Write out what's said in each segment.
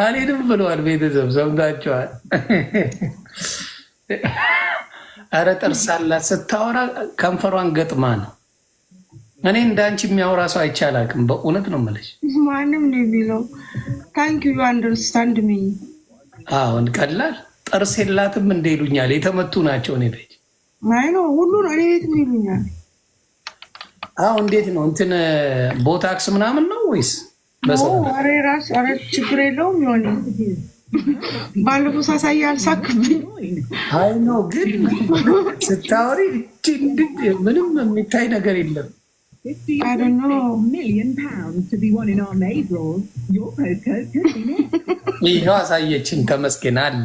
አልሄድም ብለዋል። ቤተሰብ ሰምታችኋል። አረ ጥርስ ስታወራ ከንፈሯን ገጥማ ነው። እኔ እንዳንቺ የሚያወራ ሰው አይቻላቅም። በእውነት ነው የምልሽ። ማንም ነው የሚለው ታንክ ዩ አንደርስታንድ ሚ። አሁን ቀላል ጥርስ የላትም እንደ ይሉኛል የተመቱ ናቸው እኔ አይ ነው ሁሉ ነው። እኔ ቤት ምን ይሉኛል? አዎ እንዴት ነው እንትን ቦታክስ ምናምን ነው ወይስ ኧረ እራሱ ኧረ ችግር የለውም። ሆነ ባለፈው ሳሳይ አልሳክብኝ። አይ ነው ግን ስታወሪ ምንም የሚታይ ነገር የለም። ይኸው አሳየችን። ተመስገን አለ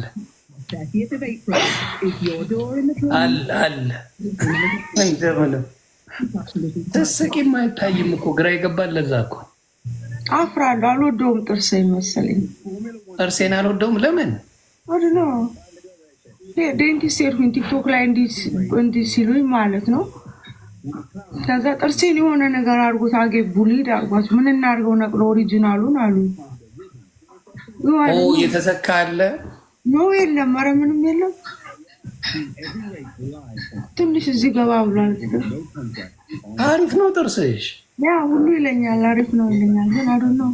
ትስቂም አይታይም እኮ ግራ የገባል። ለዛ እኮ አፍራለሁ። አልወደውም ጥርሴ መሰለኝ። ጥርሴን አልወደውም ለምን? ዴንቲስት ሄድኩኝ። ቲክቶክ ላይ እንዲህ ሲሉኝ ማለት ነው። ከዛ ጥርሴን የሆነ ነገር አድርጎት አጌ ቡሊድ አድርጓት ምን እናድርገው ነቅሎ ኦሪጂናሉን አሉ የተሰካ አለ ኖ የለም፣ ኧረ ምንም የለም። ትንሽ እዚህ ገባ ብሏል። አሪፍ ነው ጥርስሽ። ያ ሁሉ ይለኛል፣ አሪፍ ነው ይለኛል። ግን አዶ ነው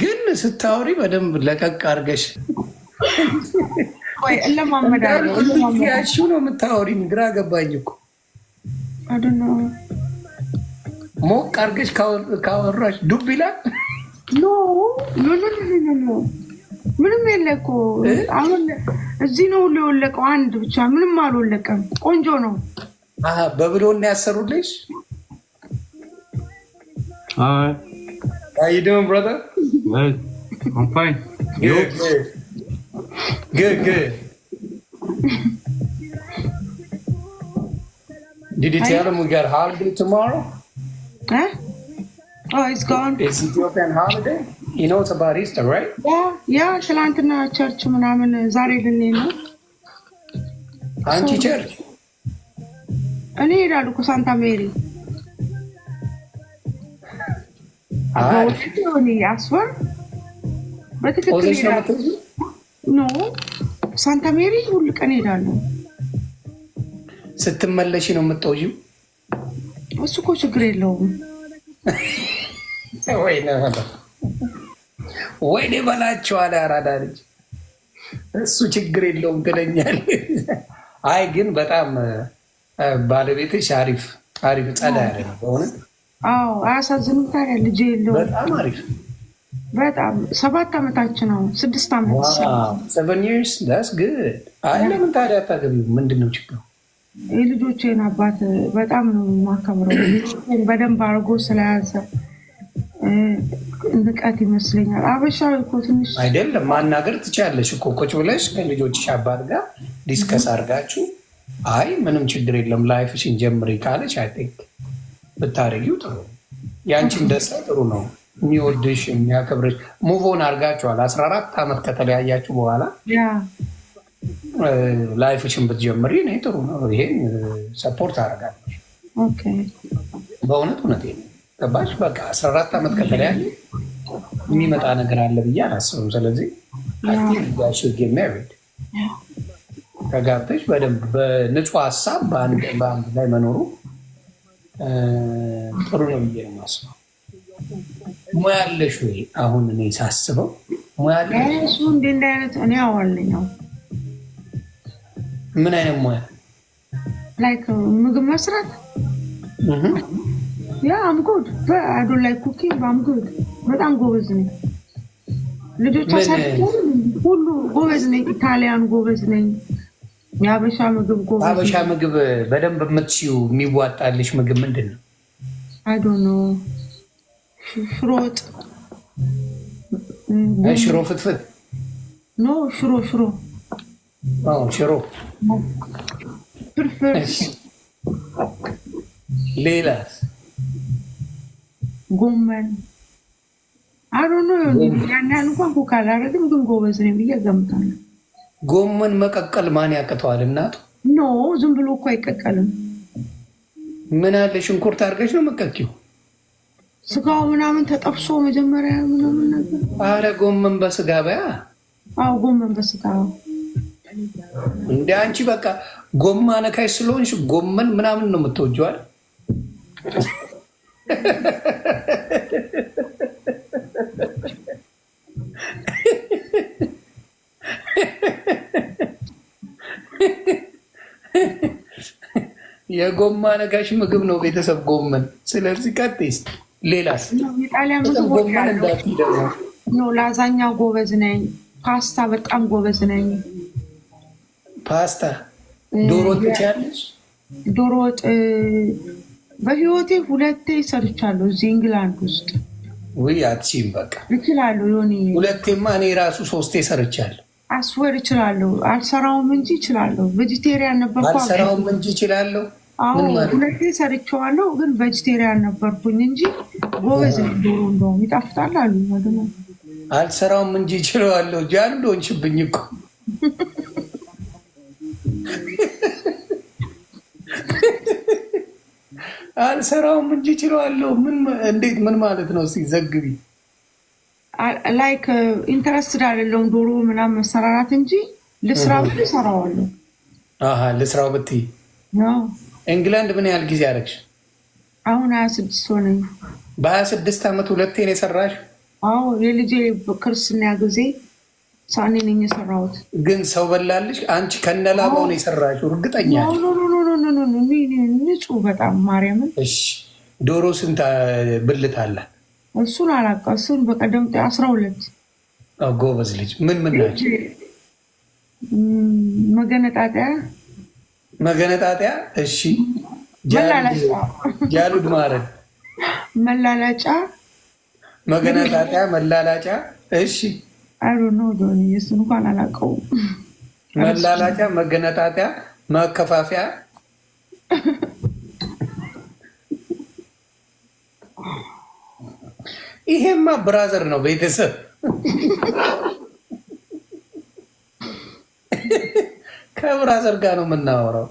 ግን ስታወሪ በደንብ ለቀቅ አድርገሽ ያሹ ነው የምታወሪኝ። ግራ ገባኝ እኮ አዶ ነው ሞቅ አድርገሽ ካወራሽ ዱብ ይላል። ኖ ኖ ኖ ኖ ምንም የለ እኮ አሁን እዚህ ነው ሁሉ የወለቀው። አንድ ብቻ ምንም አልወለቀም። ቆንጆ ነው። ያሰሩልሽ Did you tell them we got holiday tomorrow? Huh? Oh, it's gone. holiday? ያ ትላንትና ቸርች ምናምን ዛሬ ልኔ ነው። አንቺ ቸርች እኔ እሄዳለሁ እኮ ሳንታ ሜሪ አስወር በትክክል ኖ ሳንታ ሜሪ ሁል ቀን እሄዳለሁ። ስትመለሺ ነው የምትወጂው? እሱ እኮ ችግር የለውም። ወይኔ በላቸዋል። አራዳ ልጅ እሱ ችግር የለውም ትለኛል። አይ ግን በጣም ባለቤትሽ አሪፍ አሪፍ ጸዳ ያለ ነው በእውነት አያሳዝንም? ታዲያ ልጅ የለውም በጣም አሪፍ በጣም ሰባት ዓመታች ነው። ስድስት ዓመት ሰቨን ይርስ ዳስ ግድ። አይ ለምን ታዲያ አታገቢው? ምንድን ነው ችግሩ? የልጆቼን አባት በጣም ነው የማከብረው። በደንብ አድርጎ ስለያዘው ብቃት ይመስለኛል። አበሻ እኮ ትንሽ አይደለም ማናገር ትችያለሽ እኮ ቁጭ ብለሽ ከልጆችሽ አባት ጋር ዲስከስ አድርጋችሁ አይ ምንም ችግር የለም ላይፍሽን ጀምሪ ካለች አይ ቲንክ ብታረጊው ጥሩ የአንቺን ደስታ ጥሩ ነው። የሚወድሽ የሚያከብርሽ ሙቮን አድርጋችኋል። አስራ አራት ዓመት ከተለያያችሁ በኋላ ላይፍሽን ብትጀምሪ እኔ ጥሩ ነው። ይሄን ሰፖርት አደርጋለሁ። በእውነት እውነት ነው። ገባሽ? በቃ አስራ አራት ዓመት ከተለያየ የሚመጣ ነገር አለ ብዬ አላስብም። ስለዚህ ተጋብተሽ በደንብ በንጹህ ሀሳብ በአንድ ላይ መኖሩ ጥሩ ነው ብዬ ነው የማስበው። ሙያ አለሽ ወይ? አሁን እኔ ሳስበው ሙያ አለሽ እንደ እንደ አይነት እኔ አዋለኛው ምን አይነት ሙያ ላይክ ምግብ መስራት ያ አምጎድ በአዶን ላይ ኩኪ በአምጎድ በጣም ጎበዝ ነኝ። ልጆች ሁሉ ጎበዝ ነኝ። ኢታሊያን ጎበዝ ነኝ። የአበሻ ምግብ ጎበዝ አበሻ ምግብ በደንብ የምትችይው የሚዋጣልሽ ምግብ ምንድን ነው? ሽሮ ወጥ፣ ሽሮ ፍትፍት፣ ኖ ሽሮ ሽሮ ሽሮ ፍርፍር። ሌላስ ጎመን አሮኖ ያን ያህል እንኳን ኮካ አላደረግም፣ ግን ጎበዝ ነኝ ብዬ ገምታለሁ። ጎመን መቀቀል ማን ያቅተዋል? እናቱ ኖ ዝም ብሎ እኮ አይቀቀልም። ምን አለ ሽንኩርት አድርገሽ ነው መቀቂው። ስጋው ምናምን ተጠብሶ መጀመሪያ ምናምን ነገር። አረ ጎመን በስጋ በያ። አዎ ጎመን በስጋ እንደ አንቺ በቃ ጎማ ነካሽ ስለሆንሽ ጎመን ምናምን ነው የምትወጂዋል። የጎማ ነጋሽ ምግብ ነው ቤተሰብ ጎመን። ስለዚህ ቀጥስ ሌላስ ላዛኛ ጎበዝ ነኝ። ፓስታ በጣም ጎበዝ ነኝ። ፓስታ ዶሮ ወጥ ትችያለሽ? ዶሮ ወጥ በህይወቴ ሁለቴ ሰርቻለሁ እዚህ እንግላንድ ውስጥ። ውይ አትሲም በቃ እችላለሁ። ሆኒ ሁለቴማ እኔ ራሱ ሶስቴ ሰርቻለሁ። አስወር እችላለሁ። አልሰራውም እንጂ እችላለሁ። ቬጅቴሪያን ነበርኩ። አልሰራውም እንጂ እችላለሁ። አዎ ሁለቴ ሰርቼዋለሁ፣ ግን ቬጅቴሪያን ነበርኩኝ እንጂ ጎበዝ ዶሮ እንደውም ይጣፍጣል አሉ። አልሰራውም እንጂ እችለዋለሁ። ጃንዶንችብኝ እኮ አልሰራውም እንጂ ችለዋለሁ። እንዴት ምን ማለት ነው? እስኪ ዘግቢ። ላይክ ኢንተረስትድ uh, አይደለሁም ዶሮ ምናምን መሰራራት እንጂ ልስራ ልስራው እሰራዋለሁ። ልስራው ብትይ እንግላንድ ምን ያህል ጊዜ አለች? አሁን ሀያ ስድስት ሆነኝ። በሀያ ስድስት ዓመት ሁለቴ ነው የሰራሽ? አዎ የልጄ ክርስትና ጊዜ ሳኔ ነኝ የሰራሁት። ግን ሰው በላልሽ? አንቺ ከነላባው ነው የሰራሽ እርግጠኛ ነኝ። ንጹህ በጣም ማርያምን። ዶሮ ስንት ብልት አላት? እሱን አላቃ እሱን በቀደም አስራ ሁለት ጎበዝ ልጅ። ምን ምን ናቸው? መገነጣጠያ መገነጣጠያ፣ እሺ፣ ጃሉድ ማረግ፣ መላላጫ፣ መገነጣጠያ፣ መላላጫ። እሺ፣ አሮ ነው ዶኒ፣ እሱን እንኳን አላውቀውም። መላላጫ፣ መገነጣጠያ፣ መከፋፊያ ይሄማ ብራዘር ነው ቤተሰብ ከብራዘር ጋር ነው የምናወራው።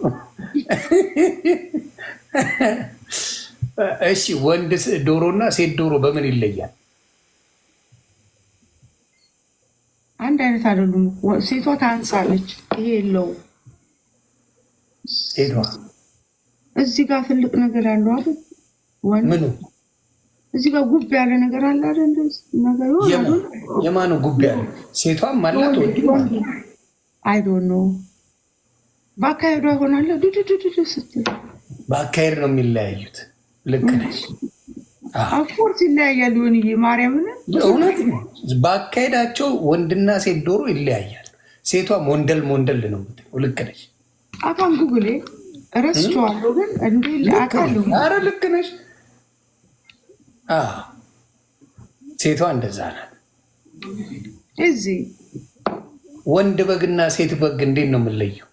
እሺ ወንድ ዶሮ እና ሴት ዶሮ በምን ይለያል? አንድ አይነት አይደሉም። ሴቷ ታንሳለች፣ ይሄ የለው። ሴቷ እዚህ ጋር ትልቅ ነገር ያለው አይደል? እዚህ ጋር ጉብ ያለ ነገር አለ አይደል? ነገር የማኑ ጉብ ያለ ሴቷም አላት ወንድ አይዶን ነው። በአካሄዷ ይሆናለ ዱዱዱዱ ስትል በአካሄድ ነው የሚለያዩት። ልክ ነሽ። አፎርስ ይለያያል። ሆንዬ ማርያምን እውነት በአካሄዳቸው ወንድና ሴት ዶሮ ይለያያል። ሴቷም ወንደል ሞንደል ነው። ልክ ነሽ። አቃን ጉግሌ ረስቸዋለሁ ግን እንዴ አካል አረ ልክ ነሽ። ሴቷ እንደዛ ናት። እዚህ ወንድ በግና ሴት በግ እንዴት ነው የምንለየው?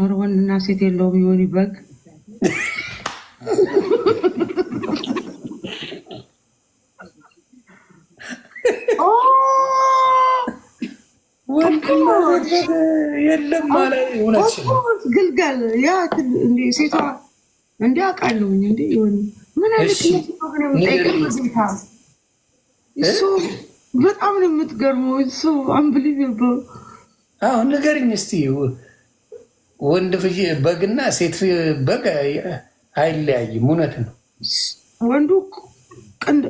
ኧረ ወንድና ሴት የለውም። ዮኒ በግ ወንድና ሴት የለም ማለት ግልገል ያ ሴቷ እንዲ አውቃለሁኝ። እንዲ ሆነ ምን አይነት እሱ በጣም ነው የምትገርመው። እሱ አንብሊቨብል አዎ። ንገርኝ እስቲ ወንድ ፍ በግና ሴት በግ አይለያይም። እውነት ነው። ወንዱ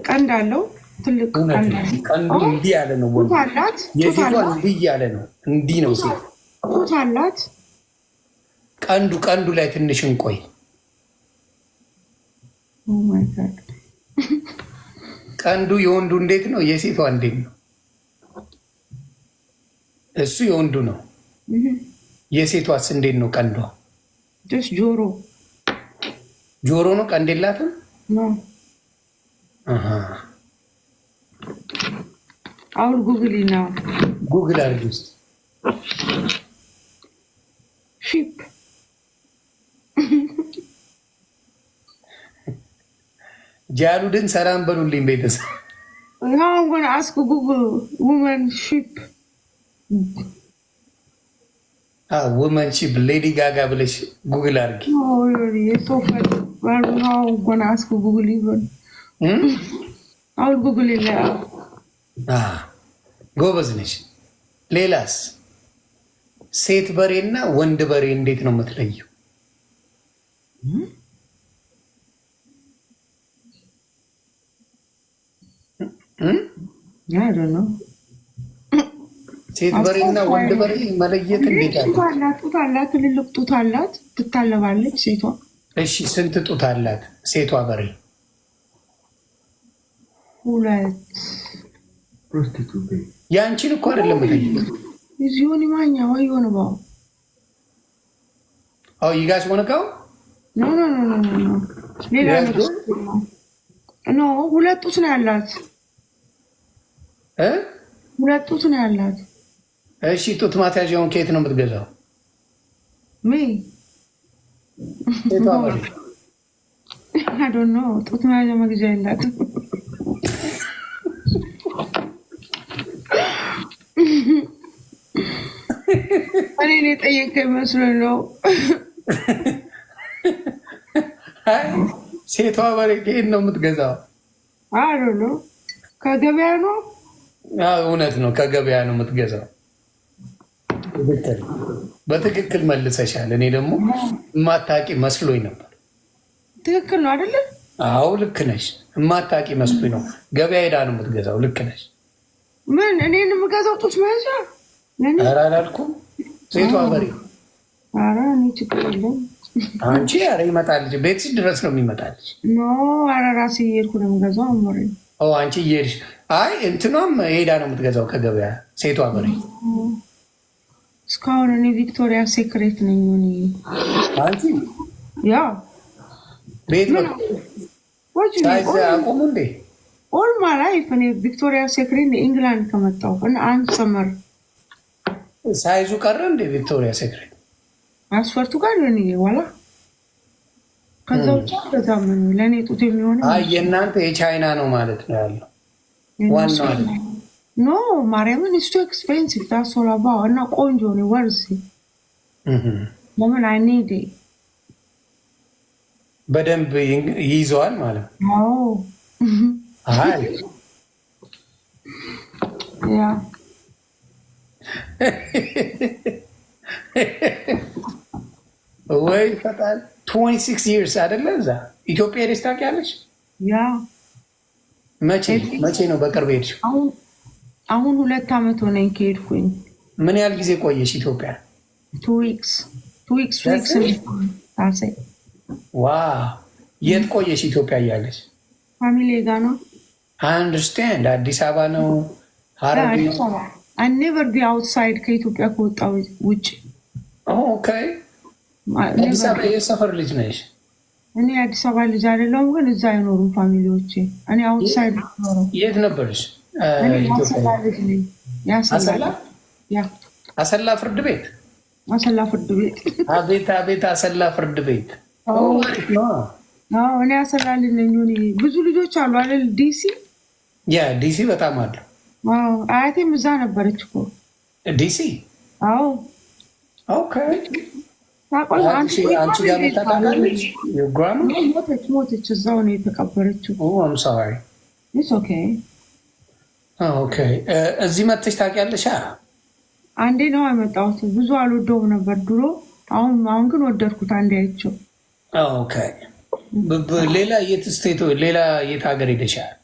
ቀንድ አለው፣ ትልቅ ቀንዱ እንዲህ ያለ ነው። ቱታላት የሴቷ እንዲህ ያለ ነው። እንዲህ ነው። ሴት ቱታላት ቀንዱ ቀንዱ ላይ ትንሽ እንቆይ Oh ቀንዱ የወንዱ እንዴት ነው? የሴቷ እንዴት ነው? እሱ የወንዱ ነው። የሴቷስ እንዴት ነው ቀንዷ? ጆሮ ጆሮ ነው። ቀንድ የላትም። አሁን ጉግል ነው። ጉግል አድርጊ ውስጥ ሺፕ ጃሉድን ሰላም በሉልኝ ቤተሰብ። ጉግል ውመን ሺፕ ሌዲ ጋጋ ብለሽ ጉግል አድርጊ። አሁን ጉግል ጎበዝ ነች። ሌላስ ሴት በሬና ወንድ በሬ እንዴት ነው የምትለየው? Hmm? ሴት በሬና ወንድ በሬ መለየት እንዴት ጡት አላት፣ ትልልቅ ጡት አላት፣ ትታለባለች ሴቷ። እሺ ስንት ጡት አላት ሴቷ በሬ? ሁለት። የአንቺን እኮ አይደለም እዚሁን ማኛ ወይ የሆነ ባው አዎ ይጋሽ ወነካው ኖ ኖ ኖ ኖ ኖ ሌላ ነው ሁለት ጡት ነው ያላት ሁለት ጡት ነው ያላት። እሺ ጡት ማስያዣውን ከየት ነው የምትገዛው? ጡት መያዣ መግዣ የላትም። እኔ ነው። ሴቷ በሬ ከየት ነው የምትገዛው? አይ ከገበያ ነው እውነት ነው። ከገበያ ነው የምትገዛው። በትክክል መልሰሻል። እኔ ደግሞ እማታቂ መስሎኝ ነበር። ትክክል ነው አይደለ? አዎ ልክ ነሽ። እማታቂ መስሎኝ ነው። ገበያ ሄዳ ነው የምትገዛው። ልክ ነሽ። ምን እኔ የምገዛው ጡት መያዣ? ኧረ አላልኩም። ሴቷ በሬ አንቺ ኧረ ይመጣልሽ። ቤትሽ ድረስ ነው የሚመጣልሽ። ኧረ እራሴ እየሄድኩ ነው የምገዛው። አንቺ እየሄድሽ አይ እንትኗም ሄዳ ነው የምትገዛው ከገበያ ሴቷ በሬ። እስካሁን እኔ ቪክቶሪያ ሴክሬት ነኝ። አንቺ ያ ቤት አቁሙ እንዴ ኦል ማይ ላይፍ እኔ ቪክቶሪያ ሴክሬት ኢንግላንድ ከመጣሁ አንድ ሰመር ሳይዙ ቀረ እንዴ ቪክቶሪያ ሴክሬት አስፈርቱ ጋር ሆን ዋላ ከዛ ውጭ በጣም ለእኔ ጡት የሚሆነ የእናንተ የቻይና ነው ማለት ነው ያለው ዋናው ኖ ማርያምን ኢትስ ቱ ኤክስፔንሲቭ ዳትስ ኦል አባውት እና ቆንጆ ነው ወርዝ ለምን አይ ኒድ በደንብ ይይዘዋል ማለት ነው። አይ ያ ወይ ፈጣሪ 26 years አይደለ እዛ ኢትዮጵያ ሄደሽ ታውቂያለሽ? ያ መቼ መቼ ነው በቅርብ ሄድሽው? አሁን ሁለት ዓመት ሆነኝ ከሄድኩኝ። ምን ያህል ጊዜ ቆየሽ ኢትዮጵያ? ዋ የት ቆየሽ ኢትዮጵያ እያለች? ፋሚሊ ጋ ነው። አንደርስታንድ አዲስ አበባ ነው ኔቨር ቢ አውትሳይድ ከኢትዮጵያ ከወጣ ውጭ። ኦኬ አዲስ አበባ የሰፈር ልጅ ነሽ? እኔ አዲስ አበባ ልጅ አይደለሁም፣ ግን እዛ አይኖሩም ፋሚሊዎች። እኔ አውትሳይድ ኖረ። የት ነበርሽ? አሰላ ፍርድ ቤት። አሰላ ፍርድ ቤት። አቤት አቤት! አሰላ ፍርድ ቤት። እኔ አሰላ ልጅ ነኝ። ብዙ ልጆች አሉ አይደል? ዲሲ ያ ዲሲ በጣም አሉ። አያቴም እዛ ነበረች እኮ ዲሲ። አዎ ኦኬ ሞተች፣ እዛው ነው የተቀበረችው። እዚህ መጥተሽ ታውቂያለሽ? አንዴ ነው የመጣሁት። ብዙ አልወደውም ነበር ድሮ፣ አሁን አሁን ግን ወደድኩት። አንዴ አይቼው። ሌላ የት ስቴት ሌላ የት ሀገር ሄደሻል?